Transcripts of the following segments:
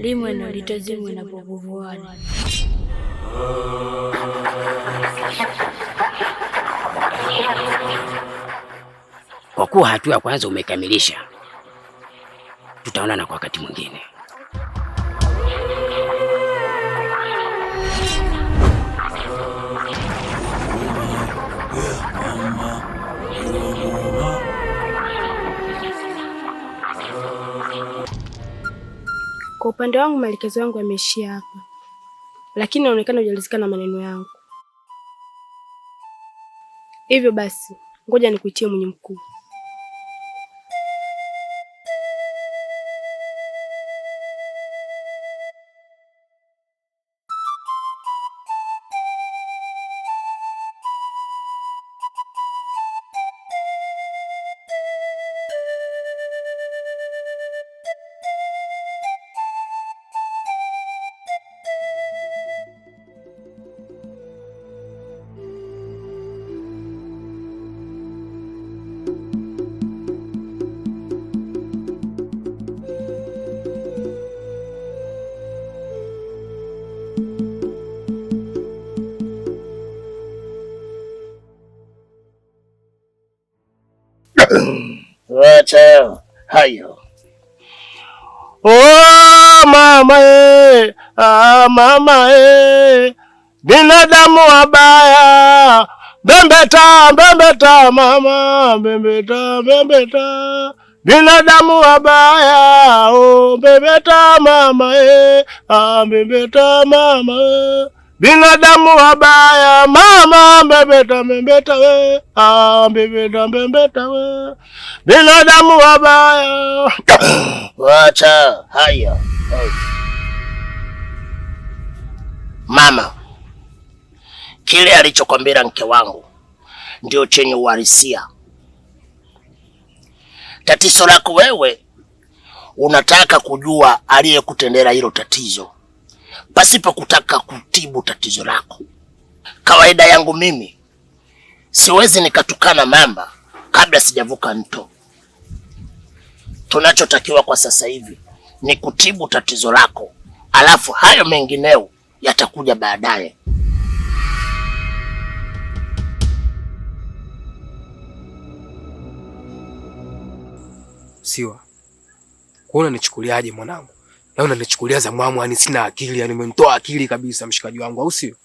limwe na zimwe na popovu Kwa kuwa hatua ya kwanza umekamilisha, tutaonana kwa wakati mwingine. Kwa upande wangu maelekezo yangu yameishia hapa, lakini inaonekana hujalizika na maneno yangu. Hivyo basi, ngoja nikuitie mwenye mkuu. mama eh, binadamu wabaya. Bembeta bembeta mama, bembeta bembeta, binadamu wabaya oh, bembeta mama eh, ah, bembeta mama eh. binadamu wabaya mama, bembeta bembeta we eh. ah, bembeta bembeta we, eh. binadamu wabaya. Wacha haya. Oh. Mama, kile alichokwambia mke wangu ndio chenye uhalisia. Tatizo lako wewe unataka kujua aliyekutendea hilo tatizo pasipo kutaka kutibu tatizo lako. Kawaida yangu mimi siwezi nikatukana mamba kabla sijavuka mto. Tunachotakiwa kwa sasa hivi ni kutibu tatizo lako, alafu hayo mengineo yatakuja baadaye. Siwa, kuona nichukuliaje mwanangu? na unanichukulia za mwamu, yani sina akili, yani umenitoa akili kabisa, mshikaji wangu, au sio?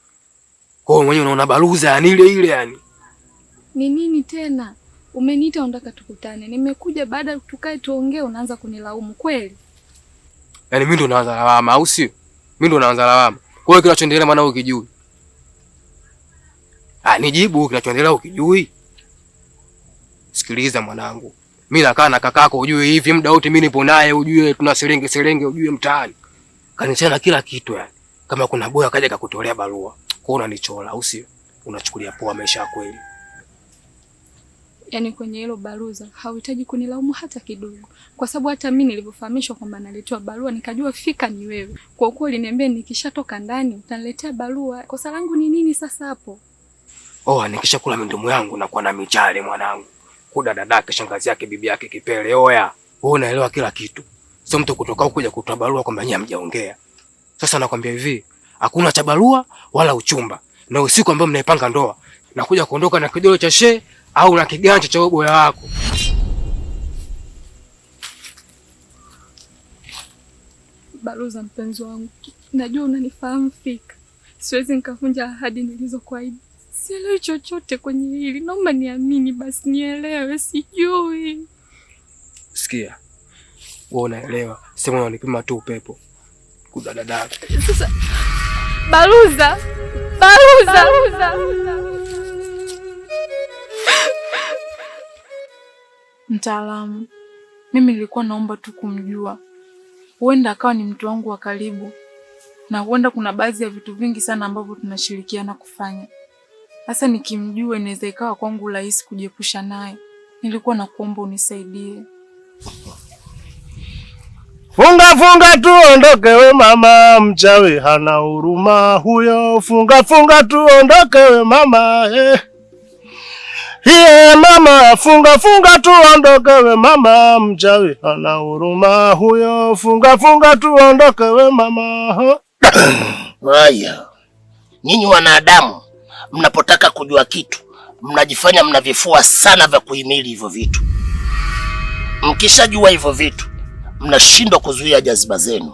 Kwa hiyo mwenyewe unaona baruza yani ile ile yani. Ni nini tena? Umeniita unataka tukutane. Nimekuja baada tukae tuongee, unaanza kunilaumu kweli? yani mimi ndo naanza lawama, au sio? Mimi ndo naanza lawama. Kwa hiyo kinachoendelea maana ukijui. Ah, nijibu kinachoendelea ukijui. Sikiliza mwanangu. Mimi nakaa na kakako ujue hivi muda wote mimi nipo naye ujue tuna serenge serenge ujue mtaani. Kanishana kila kitu yani. Kama kuna boya kaja kakutolea barua. Kwa hiyo unanichola au sio? Unachukulia poa maisha ya kweli yani kwenye hilo baruza hauhitaji kunilaumu hata kidogo, kwa sababu hata mimi nilivyofahamishwa kwamba naletewa barua nikajua fika ni wewe. Kwa kuwa uliniambia nikishatoka ndani utaniletea barua, kosa langu ni nini sasa hapo? Oh, nikisha kula mindumu yangu na kuwa na michale mwanangu, kuda dadake, shangazi yake, bibi yake, kipele. Oya, wewe unaelewa kila kitu, sio mtu kutoka huko kuja kutoa barua kwamba nyinyi hamjaongea. Sasa nakwambia hivi, hakuna cha barua wala uchumba, na usiku ambao mnaipanga ndoa nakuja kuondoka na kidole cha shehe au na kiganja cha boya wako. baruza mpenzi wangu, najua unanifahamu fika, siwezi nikavunja ahadi nilizokuahidi. Sielewi chochote kwenye hili, naomba niamini basi, nielewe. Sijui. Sikia, wewe unaelewa, sema unanipima tu upepo kudadada. Sasa Baruza, Baruza, Baruza. mtaalamu. Mimi nilikuwa naomba tu kumjua, huenda akawa ni mtu wangu wa karibu, na huenda kuna baadhi ya vitu vingi sana ambavyo tunashirikiana kufanya. Sasa nikimjua, inaweza ikawa kwangu rahisi kujiepusha naye. Nilikuwa nakuomba unisaidie. Funga funga tu ondoke, we mama mchawi hana huruma huyo. Funga funga tu ondoke, we mama eh. Ye mama funga funga ondoke we mama mchawi ana huruma huyo, funga funga ondoke we mama. Haya, nyinyi wanadamu mnapotaka kujua kitu mnajifanya mna vifua sana vya kuhimili hivyo vitu. Mkishajua hivyo vitu mnashindwa kuzuia jaziba zenu.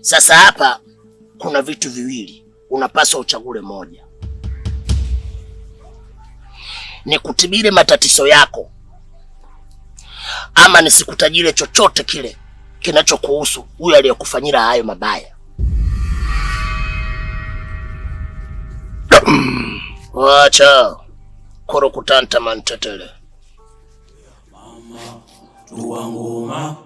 Sasa hapa kuna vitu viwili, unapaswa uchague moja nikutibire matatizo yako, ama nisikutajire chochote kile kinachokuhusu huyo aliyokufanyira hayo mabaya. Wacha korokutanta mantetele tuwanguma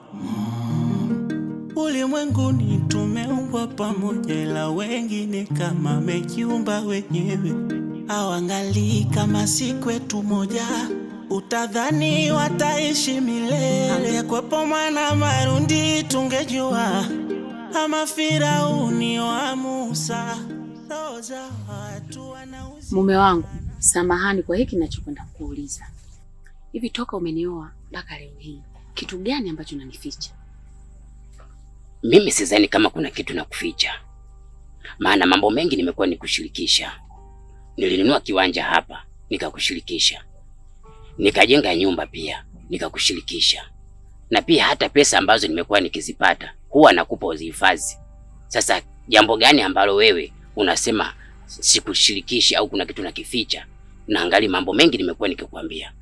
Ulimwenguni tumeumbwa pamoja, la wengine kama mejiumba wenyewe hawangalii kama si kwetu moja, utadhani wataishi milele. Angekwepo mwana Marundi tungejua, ama Firauni wa Musa. Mume wangu, samahani kwa hiki ninachokwenda kuuliza Hivi toka umenioa mpaka leo hii, kitu gani ambacho unanificha? Mimi sidhani kama kuna kitu nakuficha, maana mambo mengi nimekuwa nikushirikisha nilinunua kiwanja hapa nikakushirikisha, nikajenga nyumba pia nikakushirikisha, na pia hata pesa ambazo nimekuwa nikizipata huwa nakupa uzihifadhi. Sasa jambo gani ambalo wewe unasema sikushirikishi au kuna kitu nakificha? Na mambo mengi nimekuwa nikikwambia.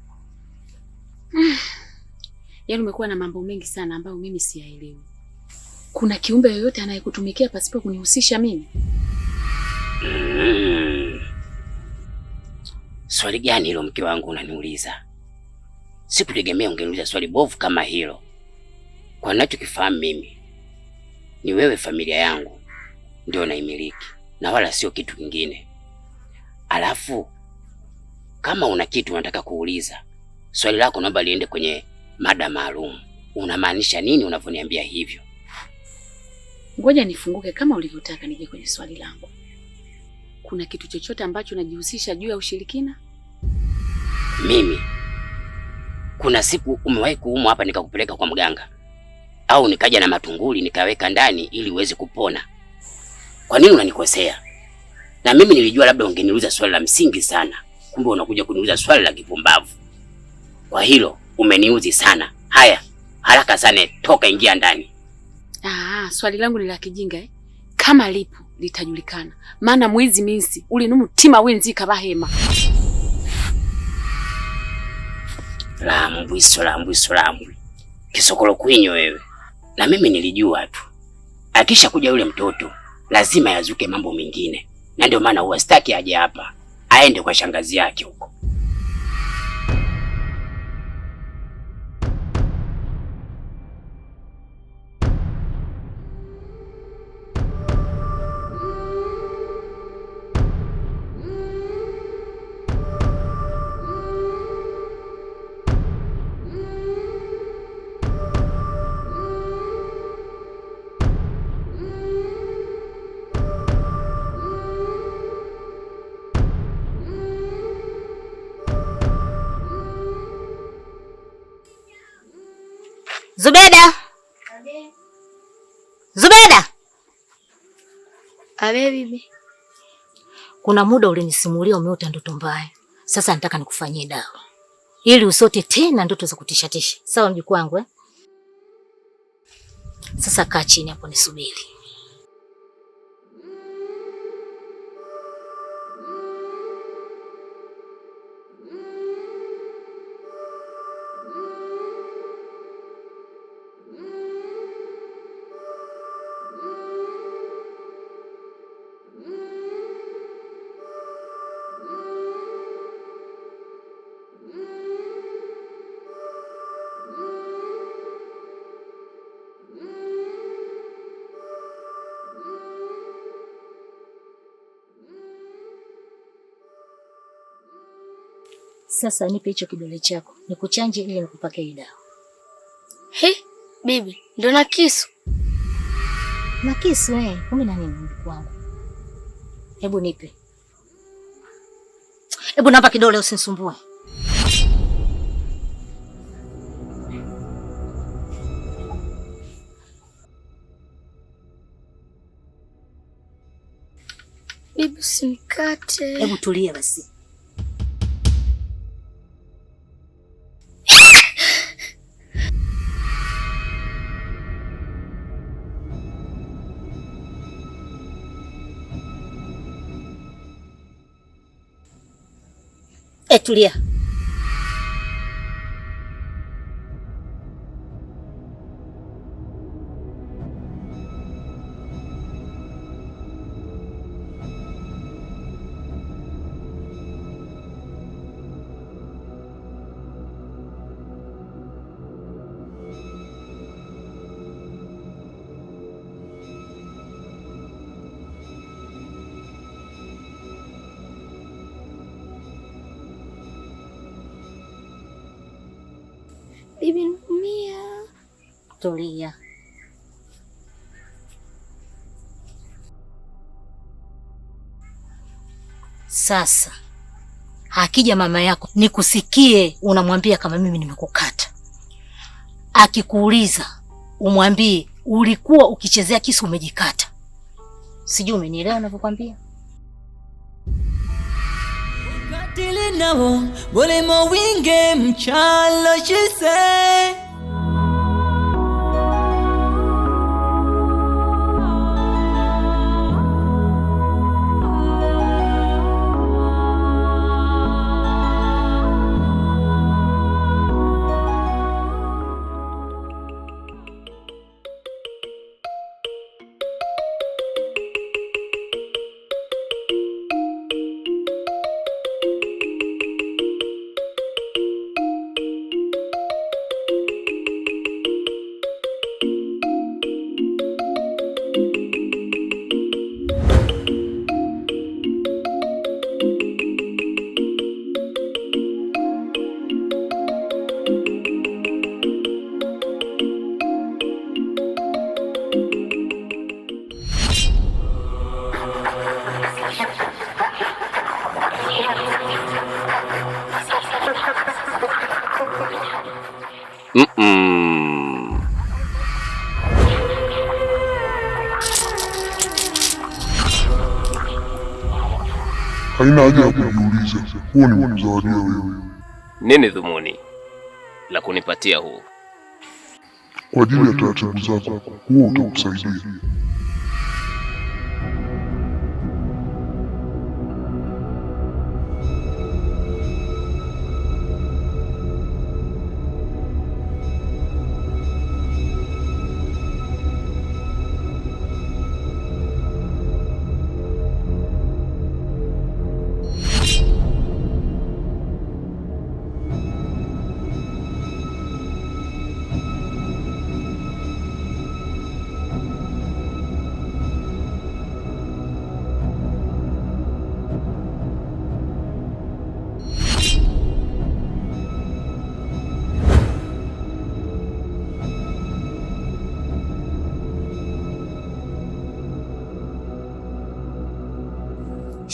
Yaani umekuwa na mambo mengi sana ambayo mimi siyaelewi. Kuna kiumbe yoyote anayekutumikia pasipo kunihusisha mimi? Mm. Swali gani hilo mke wangu unaniuliza? Sikutegemea ungeniuliza swali bovu kama hilo. Kwa ninachokifahamu mimi ni wewe, familia yangu ndio naimiliki na wala sio kitu kingine. Alafu kama una kitu unataka kuuliza, swali lako naomba liende kwenye mada maalum. Unamaanisha nini unavyoniambia hivyo? Ngoja nifunguke kama ulivyotaka nije kwenye swali langu kuna kitu chochote ambacho unajihusisha juu ya ushirikina? Mimi kuna siku umewahi kuumwa hapa nikakupeleka kwa mganga, au nikaja na matunguli nikaweka ndani ili uweze kupona? Kwa nini unanikosea? Na mimi nilijua labda ungeniuliza swali la msingi sana, kumbe unakuja kuniuliza swali la kipumbavu. Kwa hilo umeniuzi sana. Haya, haraka sana, toka ingia ndani. Ah, swali langu ni la kijinga eh? kama lipo litajulikana, maana mwizi minsi uli wenzika bahema lambwi so lambwiso so lambwi kisokolo kwinyo wewe. Na mimi nilijua tu akisha kuja yule mtoto lazima yazuke mambo mengine, na ndio maana huwa sitaki aje hapa, aende kwa shangazi yake huko. Abe bibi, kuna muda ulinisimulia umeota ndoto mbaya. Sasa nataka nikufanyie dawa ili usote tena ndoto za kutishatisha, sawa mjukuu wangu eh? Sasa kaa chini hapo nisubiri. Sasa nipe hicho kidole chako nikuchanje, ili nikupake hii dawa. He, bibi, ndo na kisu na kisu eh? kumi na nini ndugu wangu? Hebu nipe, hebu napa kidole, usinisumbue. Bibi, simkate. Hebu tulia basi. É, Tulia. kutulia. Sasa akija mama yako nikusikie, unamwambia kama mimi nimekukata. Akikuuliza umwambie ulikuwa ukichezea kisu umejikata. Sijui umenielewa ninavyokwambia. ukatili nao bulimo winge mchalo chise Mm -mm. Haina haja ya kujiuliza, huo ni mzawadia wewe. Nini dhumuni la kunipatia huu? Kwa ajili ya taratibu zako, huo utakusaidia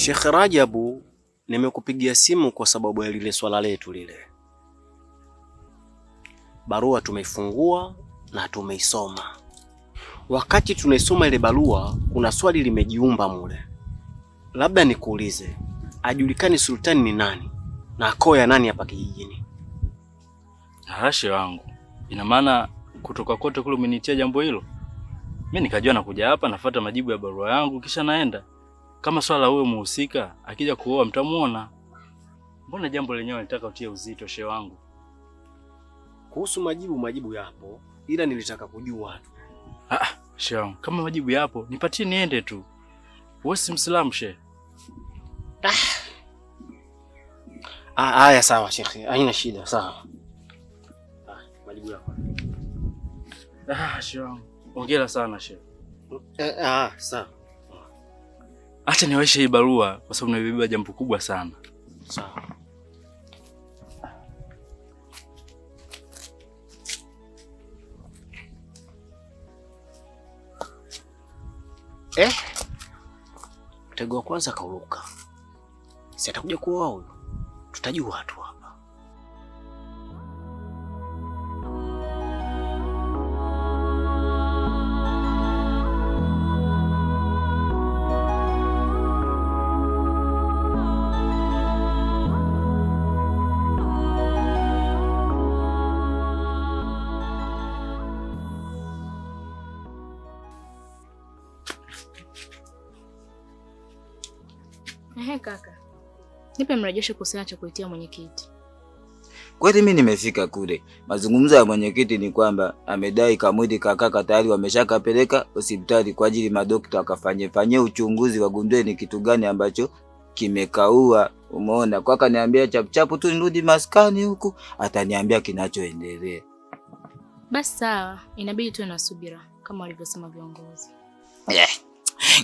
Sheikh Rajabu, nimekupigia simu kwa sababu ya lile swala letu lile. Barua tumeifungua na tumeisoma. Wakati tunaisoma ile barua, kuna swali limejiumba mule. Labda nikuulize, ajulikani sultani ni nani na koo ya nani hapa kijijini? Harashe wangu, ina maana kutoka kote kule umenitia jambo hilo, mi nikajua nakuja hapa, nafuata majibu ya barua yangu, kisha naenda kama swala huyo muhusika akija kuoa mtamuona. Mbona jambo lenyewe nataka utie uzito, shehe wangu. Kuhusu majibu, majibu yapo, ila nilitaka kujua tu. Ah, ah shehe wangu, kama majibu yapo nipatie niende tu. Wewe si Mislamu shehe? Ah, ah, haya sawa shekhi, haina shida, sawa. Ah, majibu yapo. Ah, shehe wangu, ongera sana shehe. Eh, ah, sawa. Acha niwaishe hii barua kwa sababu nimebeba jambo kubwa sana. Sawa. Eh? Mtego wa kwanza kauruka. Si atakuja kuoa huyu. Tutajua tu. Nipe mrejesho kuhusiana cha kuitia mwenyekiti. Kweli mimi nimefika kule. Mazungumzo ya mwenyekiti ni kwamba amedai Kamwidi kakaka tayari wameshakapeleka hospitali kwa ajili madokta akafanye fanye uchunguzi wagundue ni kitu gani ambacho kimekaua. Umeona, kwaka niambia chapuchapu tu nirudi maskani huku, ataniambia kinachoendelea. Basi sawa, inabidi tuwe na subira kama walivyosema viongozi. Yeah.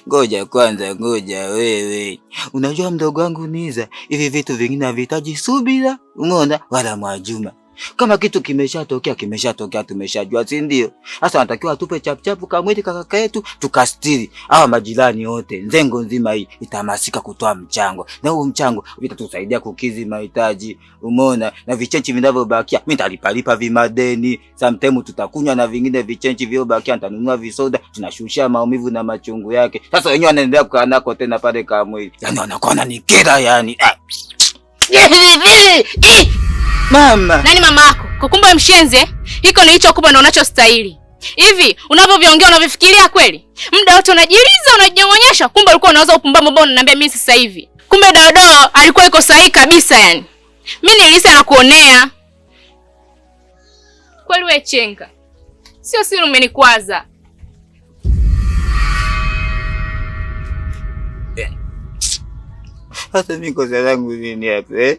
Ngoja kwanza, ngoja wewe. Unajua mdogo wangu Niza, hivi vitu vingine havihitaji subira, umeona, wala Mwajuma. Kama kitu kimeshatokea kimeshatokea, tumeshajua, si ndio? Sasa wanatakiwa tupe chapchapu kamwili kakaka yetu, tukastiri hawa majirani wote. Nzengo nzima hii itahamasika kutoa mchango, na huo mchango vitatusaidia kukizi mahitaji, umeona? Na vichenchi vinavyobakia mimi nitalipalipa vimadeni, sometimes tutakunywa, na vingine vichenchi vyobakia nitanunua visoda, tunashushia maumivu na machungu yake. Sasa wenyewe wanaendelea kukaa nako tena pale kamwili, yani wanakuwa wananikera yani ah. Mama. Nani mama yako? Kukumbe mshenze, hiko ni hicho nilichokupa ndio unachostahili. Hivi unavyoviongea unavifikiria kweli? Muda wote unajiliza, unajinyong'onyesha, kumbe ulikuwa unaweza upumbavu ambao unaniambia mimi sasa hivi. Kumbe dodo alikuwa iko sahihi kabisa yani. Mimi nilisa na kuonea. Kweli wewe chenga. Sio siri umenikwaza. Hata mimi kosa langu nini hapa eh?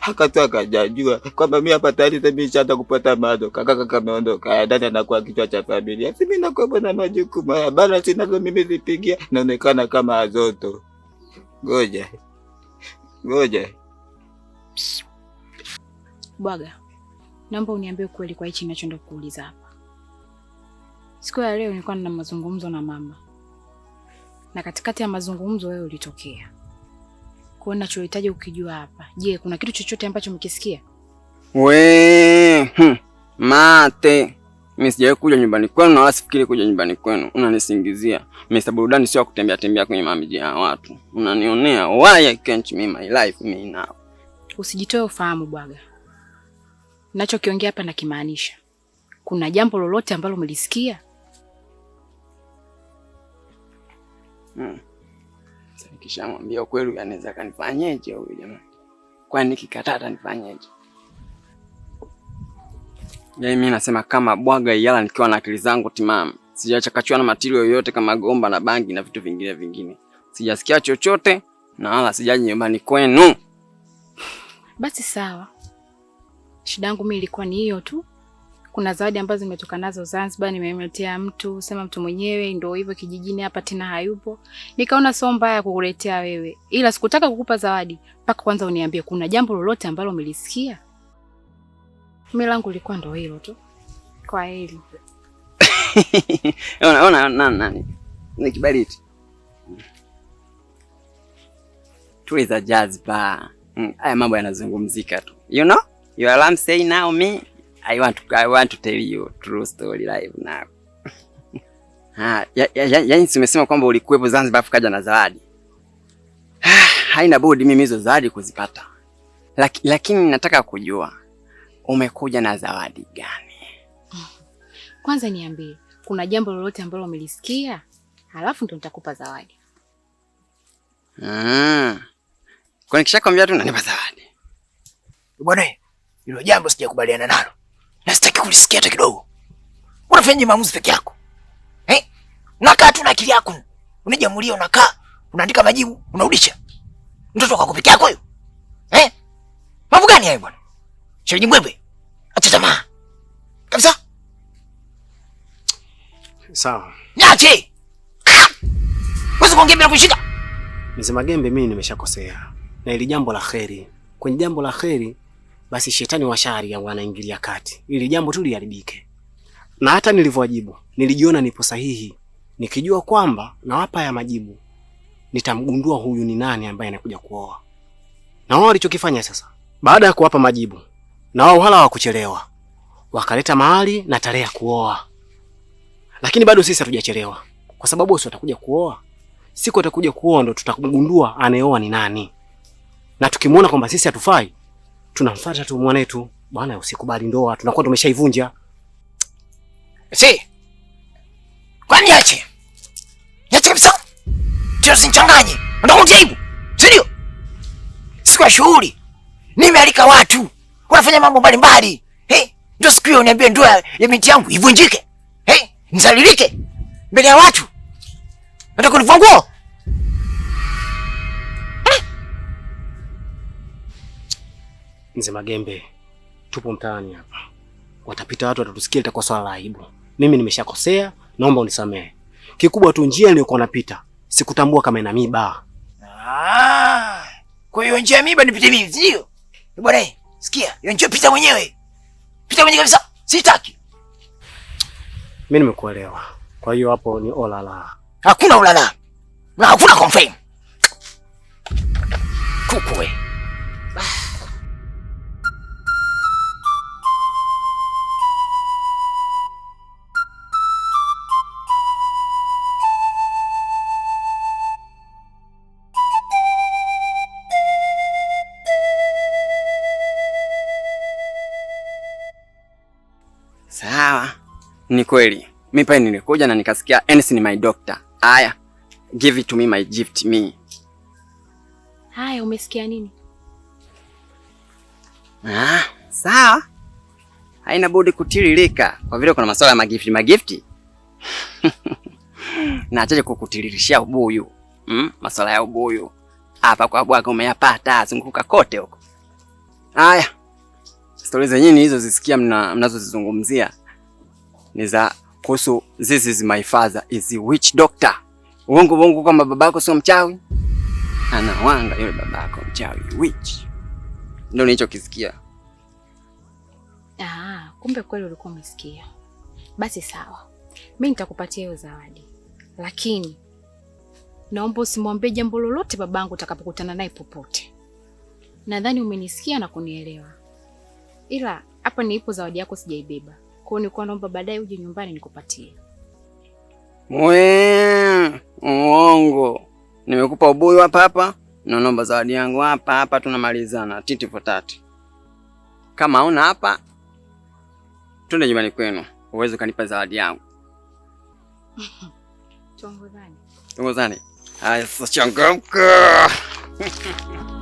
akatoka akajajua kwamba mi hapa tayari nimeshaanza kupata mado. Kaka kaka ameondoka ndani, anakuwa kichwa cha familia. Mimi nakuwa na majukumu haya bana, sinazo mimi zipigia, naonekana kama azoto. Ngoja ngoja, Bwaga, naomba uniambie kweli kwa hichi ninachoenda kukuuliza hapa. Siku ya leo nilikuwa na mazungumzo na mama, na katikati ya mazungumzo wewe ulitokea kwa hiyo ninachohitaji ukijua hapa. Je, kuna kitu chochote ambacho umekisikia? We, hm, mate. mi sijawahi kuja nyumbani kwenu na wala sifikiri kuja nyumbani kwenu. Unanisingizia. Mimi burudani sio kutembea tembea kwenye mamiji ya watu. Unanionea. Why I can't me my life me now. Usijitoe ufahamu bwaga. nachokiongea hapa nakimaanisha. Kuna jambo lolote ambalo umelisikia? Hmm mwambia kweli, anaweza kanifanyeje huyu jamani? Kwani kikataa atanifanyeje? Yaani mimi nasema kama bwaga iyala, nikiwa na akili zangu timamu, sijachakachiwa na matili yoyote kama gomba na bangi na vitu vingine vingine, sijasikia chochote na wala sijaji nyumbani kwenu. Basi sawa, shida yangu mimi ilikuwa ni hiyo tu kuna zawadi ambazo zimetoka nazo Zanzibar, nimemletea mtu sema mtu mwenyewe ndio hivyo kijijini hapa tena hayupo, nikaona sio mbaya kukuletea wewe, ila sikutaka kukupa zawadi mpaka kwanza uniambie kuna jambo lolote ambalo umelisikia. Mimi langu lilikuwa ndio hilo tu. Kwa heri. Ona ona na nani, ni kibariti tuliza jazba. Mm, haya mambo yanazungumzika tu, you know you are say now me I want to, I want to tell you true story live now. Ha, ah, ya, ya, ya, yani simesema kwamba ulikuwepo Zanzibar afu kaja na zawadi. Haina budi mimi hizo zawadi kuzipata. Lak, lakini nataka kujua umekuja na zawadi gani? Kwanza niambie, kuna jambo lolote ambalo umelisikia? Halafu ndo nitakupa zawadi. Ah. Kwa nikishakwambia tu unanipa zawadi. Bwana, hilo jambo sijakubaliana nalo na sitaki kulisikia hata kidogo. Unafanya maamuzi peke yako eh? Nakaa tu na akili yako, unajamulia, unakaa unaandika majibu, unarudisha mtoto wako peke yako huyo eh? Mambo gani hayo bwana Shereji mwebe, Acha tamaa kabisa. Sawa, niache ah! wewe, kuongea bila kushika. Mzee gembe, mimi nimeshakosea na ili jambo la kheri, kwenye jambo la kheri basi shetani wa shari wanaingilia kati ili jambo tu liharibike. Na hata nilivyojibu, nilijiona nipo sahihi, nikijua kwamba nawapa ya majibu nitamgundua huyu ni nani ambaye anakuja kuoa. Na wao walichokifanya sasa, baada ya kuwapa majibu, na wao wala hawakuchelewa, wakaleta mahali na tarehe ya kuoa. Lakini bado sisi hatujachelewa, kwa sababu wao watakuja kuoa. Siku watakuja kuoa ndo tutamgundua anayeoa ni nani, na tukimwona kwamba sisi hatufai tunamfuata tu mwanetu bwana, usikubali ndoa, tunakuwa tumeshaivunja. Si kwani niache niache kabisa, tio sinichanganye, ndio kujaribu, si ndio? Siku ya shughuli nimealika watu wanafanya mambo mbalimbali, hey, ndio siku hiyo niambie ndoa ya binti yangu ivunjike, hey, nizalilike mbele ya watu, nataka kunivua nguo Mzee Magembe, tupo mtaani hapa, watapita watu, watatusikia, litakuwa swala la aibu. Mimi nimeshakosea, naomba unisamehe. Kikubwa tu njia niliyokuwa napita sikutambua kama ina miba. Ah, kwa hiyo njia miba nipite mimi, ndio bwana. Sikia, hiyo njia pita mwenyewe, pita mwenyewe kabisa, sitaki mimi. Nimekuelewa. Kwa hiyo hapo ni olala, hakuna olala na hakuna confirm kukuwe Ni kweli mi pale nilikuja na nikasikia Ensi ni my doctor. Aya, give it to me my gift me. Haya, umesikia nini? Ah, sawa, haina budi kutiririka kwa vile kuna masuala ya magifti magifti na achaje kukutiririshia ubuyu mm? masuala ya ubuyu hapa kwa bwaga umeyapata, zunguka kote huko. Haya, stori zenyewe hizo zisikia mnazozizungumzia mna ni za kuhusu this is my father is a witch doctor. Uongo uongo kwamba babako sio mchawi, anawanga yule babako mchawi witch. Ndio nilichokisikia. Ah, kumbe kweli ulikuwa umesikia. Basi sawa, mimi nitakupatia hiyo zawadi, lakini naomba usimwambie jambo lolote babangu utakapokutana naye popote. Nadhani umenisikia na kunielewa, ila hapa nilipo zawadi yako sijaibeba kwao, nilikuwa naomba baadaye uje nyumbani nikupatie. Mwe, uongo. Nimekupa ubuyu hapa hapa na naomba zawadi yangu hapa hapa, tunamalizana titi potati. Kama una hapa, twende nyumbani kwenu uweze ukanipa zawadi yangu. Tuongozane. Tuongozane. Haya sasa changamka.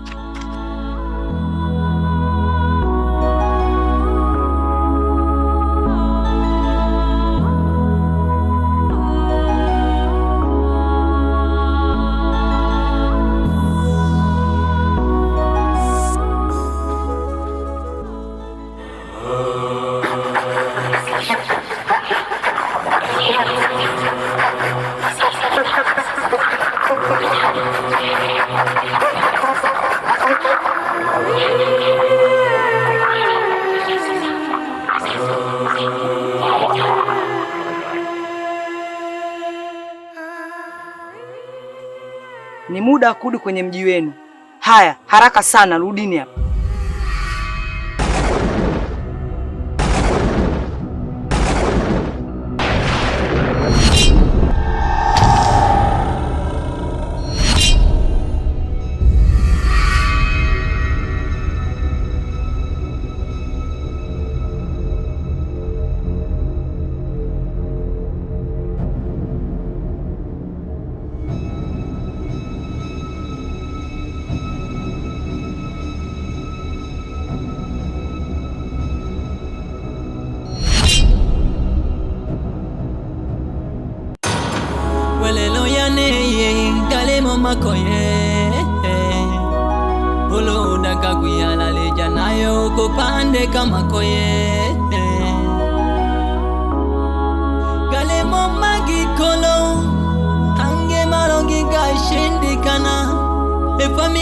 kurudi kwenye mji wenu. Haya, haraka sana, rudini hapa.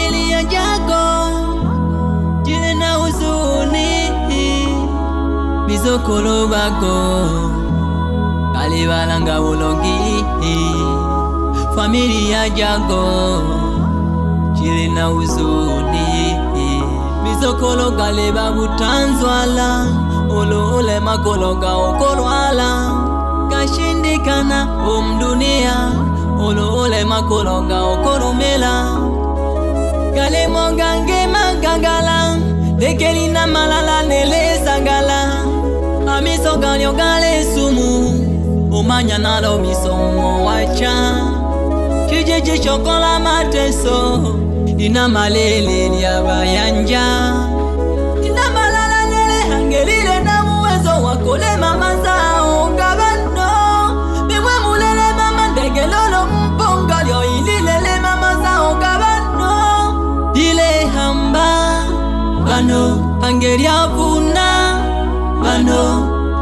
familia yako jiwe na huzuni, bizukulu bako kalibalanga bulungi. Familia yako jiwe na huzuni, bizukulu kaliba butanzwala ulule makologa okolwala kashindikana umdunia ulule makologa okolumela galemo gangema gangala dekeli na malala nele sangala amiso ganyo gale sumu omanya nalo misomo wacha kijiji chokola mateso ina malele lyabayanja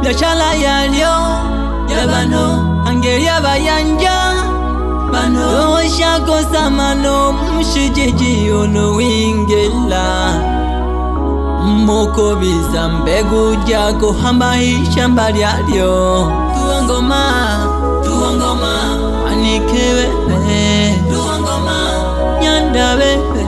biashara yalyo leo ya bano angelia bayanja bano oshakosa mano mushijiji ono wingela mukobiza mbegu jako hamba ishamba lyalyo tuongoma tuongoma anikewewe tuongoma nyanda